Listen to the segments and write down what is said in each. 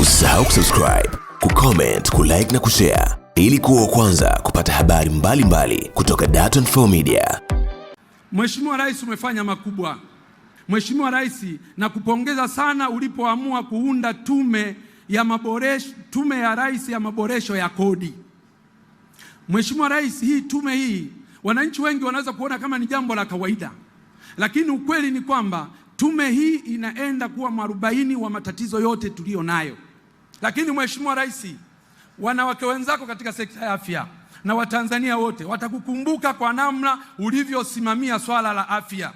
Usisahau kusubscribe, kucomment, kulike na kushare ili kuwa kwanza kupata habari mbalimbali mbali kutoka Dar24 Media. Mheshimiwa Rais, umefanya makubwa Mheshimiwa Rais, nakupongeza sana ulipoamua kuunda tume ya maboresho, tume ya rais ya maboresho ya kodi. Mheshimiwa Rais, hii tume hii wananchi wengi wanaweza kuona kama ni jambo la kawaida, lakini ukweli ni kwamba tume hii inaenda kuwa mwarobaini wa matatizo yote tuliyo nayo. Lakini Mheshimiwa Rais, wanawake wenzako katika sekta ya afya na Watanzania wote watakukumbuka kwa namna ulivyosimamia swala la afya.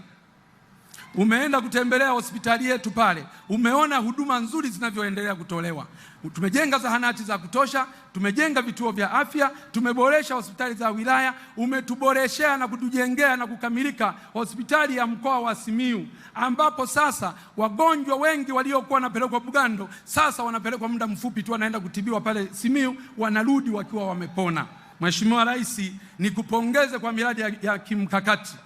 Umeenda kutembelea hospitali yetu pale, umeona huduma nzuri zinavyoendelea kutolewa. Tumejenga zahanati za kutosha, tumejenga vituo vya afya, tumeboresha hospitali za wilaya, umetuboreshea na kutujengea na kukamilika hospitali ya mkoa wa Simiyu, ambapo sasa wagonjwa wengi waliokuwa wanapelekwa Bugando sasa wanapelekwa muda mfupi tu, wanaenda kutibiwa pale Simiyu, wanarudi wakiwa wamepona. Mheshimiwa Rais, nikupongeze kwa miradi ya, ya kimkakati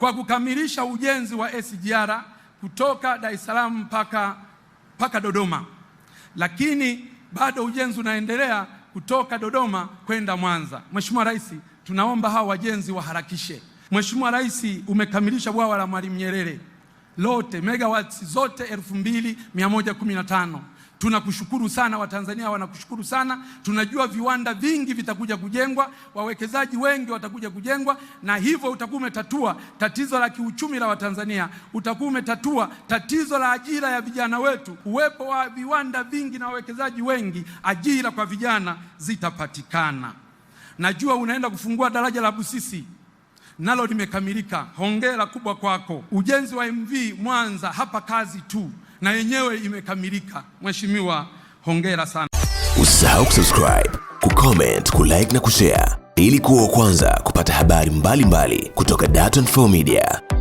kwa kukamilisha ujenzi wa SGR kutoka Dar es Salaam mpaka mpaka Dodoma, lakini bado ujenzi unaendelea kutoka Dodoma kwenda Mwanza. Mheshimiwa Rais, tunaomba hawa wajenzi waharakishe. Mheshimiwa Rais, umekamilisha bwawa la Mwalimu Nyerere lote megawatts zote 2115 Tunakushukuru sana, Watanzania wanakushukuru sana. Tunajua viwanda vingi vitakuja kujengwa, wawekezaji wengi watakuja kujengwa, na hivyo utakuwa umetatua tatizo la kiuchumi la Watanzania, utakuwa umetatua tatizo la ajira ya vijana wetu. Uwepo wa viwanda vingi na wawekezaji wengi, ajira kwa vijana zitapatikana. Najua unaenda kufungua daraja la Busisi nalo limekamilika, hongera kubwa kwako. Ujenzi wa MV Mwanza hapa kazi tu na yenyewe imekamilika. Mheshimiwa, hongera sana. Usisahau kusubscribe, kucomment, kulike na kushare ili kuwa wa kwanza kupata habari mbalimbali mbali kutoka Dar24 Media.